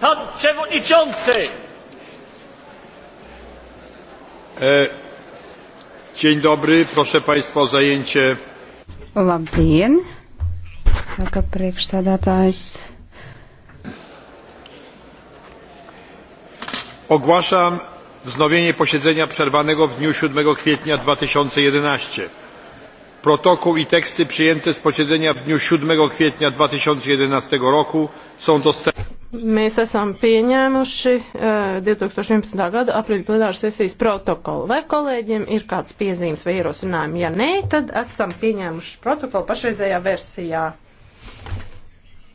Pan przewodniczący! E, dzień dobry, proszę Państwa o zajęcie. Labdien! Saka priekšsēdētājs. Ogłaszam wznowienie posiedzenia przerwanego w dniu 7 kwietnia 2011. Protokół i teksty przyjęte z posiedzenia w dniu 7 kwietnia 2011 roku są dostępne. Mēs esam pieņēmuši uh, eh, 2011. gada aprīļa plenāras sesijas protokolu. Vai kolēģiem ir kāds piezīmes vai ierosinājumi? Ja nē, tad esam pieņēmuši protokolu pašreizējā versijā.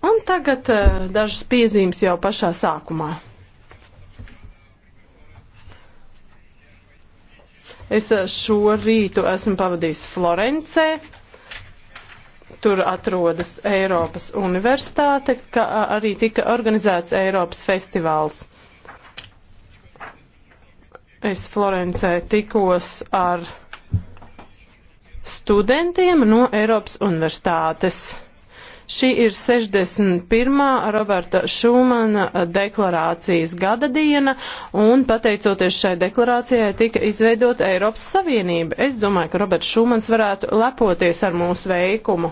Un tagad uh, dažas piezīmes jau pašā sākumā. Es eh, šo rītu esmu pavadījis Florencē. Tur atrodas Eiropas universitāte, kā arī tika organizēts Eiropas festivāls. Es Florencē tikos ar studentiem no Eiropas universitātes. Šī ir 61. Roberta Šumana deklarācijas gada diena, un pateicoties šai deklarācijai tika izveidota Eiropas Savienība. Es domāju, ka Roberts Šumans varētu lepoties ar mūsu veikumu.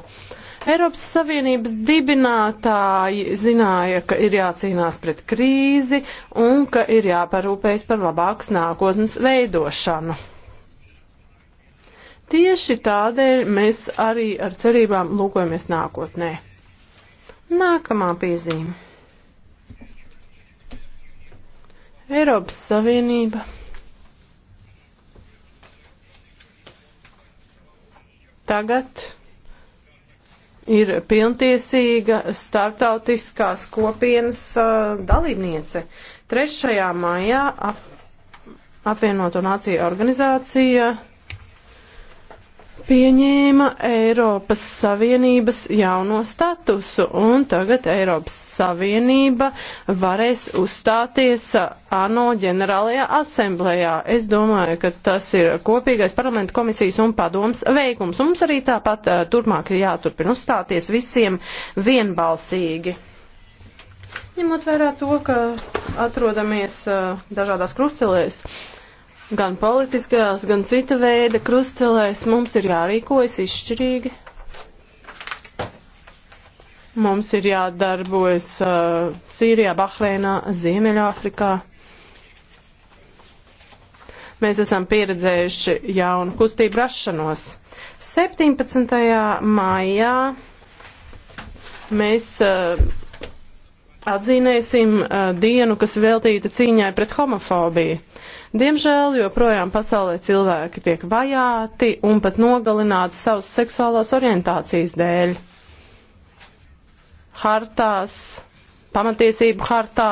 Eiropas Savienības dibinātāji zināja, ka ir jācīnās pret krīzi un ka ir jāparūpējas par labākas nākotnes veidošanu. Tieši tādēļ mēs arī ar cerībām lūkojamies nākotnē. Nākamā piezīme. Eiropas Savienība. Tagad ir pilntiesīga starptautiskās kopienas uh, dalībniece. 3. maijā ap, apvienoto nāciju organizācija uh, pieņēma Eiropas Savienības jauno statusu, un tagad Eiropas Savienība varēs uzstāties ANO ģenerālajā asemblējā. Es domāju, ka tas ir kopīgais parlamenta komisijas un padoms veikums. Un mums arī tāpat eh, turpmāk ir jāturpina uzstāties visiem vienbalsīgi. Ņemot vērā to, ka atrodamies eh, dažādās krustcelēs. Uh, gan politiskajās, gan cita veida krustcelēs mums ir jārīkojas izšķirīgi. Mums ir jādarbojas uh, Sīrijā, Bahreinā, Ziemeļāfrikā. Mēs esam pieredzējuši jaunu kustību rašanos. 17. maijā mēs uh, Atzīmēsim uh, dienu, kas veltīta cīņai pret homofobiju. Diemžēl joprojām pasaulē cilvēki tiek vajāti un pat nogalināti savas seksuālās orientācijas dēļ. Hartās, pamatiesību hartā,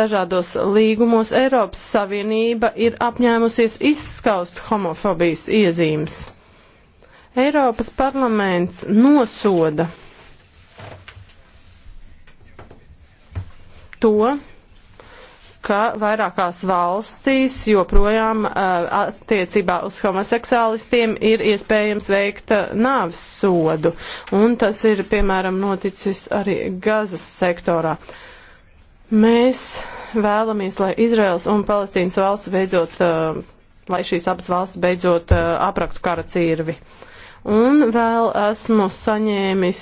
dažādos līgumos Eiropas Savienība ir apņēmusies izskaust homofobijas iezīmes. Eiropas parlaments nosoda to, ka vairākās valstīs joprojām eh, attiecībā uz homoseksuālistiem ir iespējams veikt eh, nāvis sodu. Un tas ir, piemēram, noticis arī Gazas sektorā. Mēs vēlamies, lai Izraels un Palestīnas valsts beidzot, eh, lai šīs abas valsts beidzot apraktu kara cīrvi. Un vēl esmu saņēmis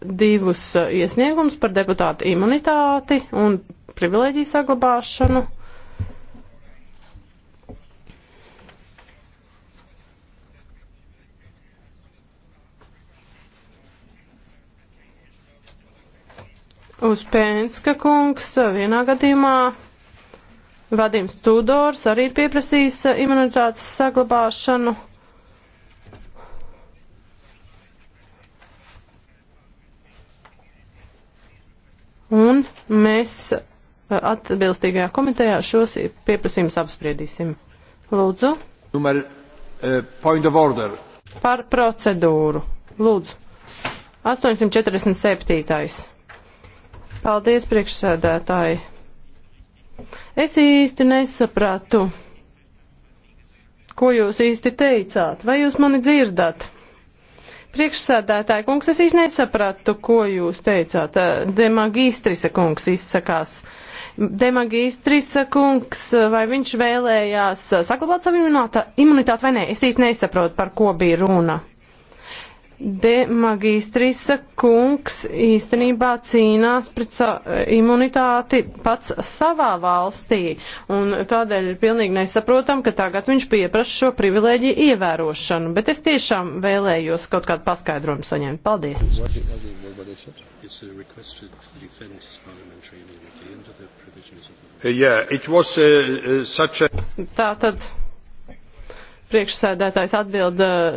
divus eh, iesniegumus par deputātu imunitāti un privileģiju saglabāšanu. Uz Pēnska kungs eh, vienā gadījumā Vadims Tudors arī ir pieprasījis eh, imunitātes saglabāšanu. un mēs uh, atbilstīgajā komitejā šos pieprasījumus apspriedīsim. Lūdzu. Numar, uh, eh, point of order. Par procedūru. Lūdzu. 847. Paldies, priekšsēdētāji. Es īsti nesapratu, ko jūs īsti teicāt. Vai jūs mani dzirdat? Priekšsēdētāji kungs, es īsti nesapratu, ko jūs teicāt. Eh, Demagīstrisa kungs izsakās. Demagistrisa kungs, vai viņš vēlējās saglabāt savu imunitāti vai nē? Es īsti nesaprotu, par ko bija runa. De magistrisa kungs īstenībā cīnās pret imunitāti pats savā valstī, un tādēļ ir pilnīgi nesaprotam, ka tagad viņš pieprasa šo privilēģiju ievērošanu, bet es tiešām vēlējos kaut kādu paskaidrojumu saņemt. Paldies! Uh, yeah, was, uh, uh a... Tātad priekšsēdētājs atbilda uh,